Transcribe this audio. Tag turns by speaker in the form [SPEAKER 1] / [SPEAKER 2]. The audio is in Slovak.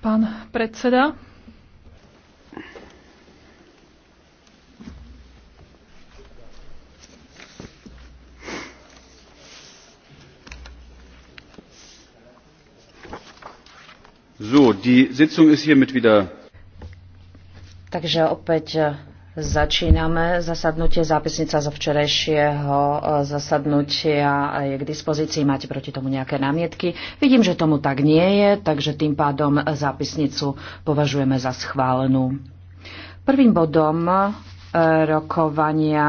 [SPEAKER 1] Pán predseda.
[SPEAKER 2] So, die Sitzung ist hiermit wieder.
[SPEAKER 3] Takže opäť Začíname zasadnutie. Zápisnica zo včerajšieho e, zasadnutia je k dispozícii. Máte proti tomu nejaké námietky? Vidím, že tomu tak nie je, takže tým pádom zápisnicu považujeme za schválenú. Prvým bodom e,
[SPEAKER 4] rokovania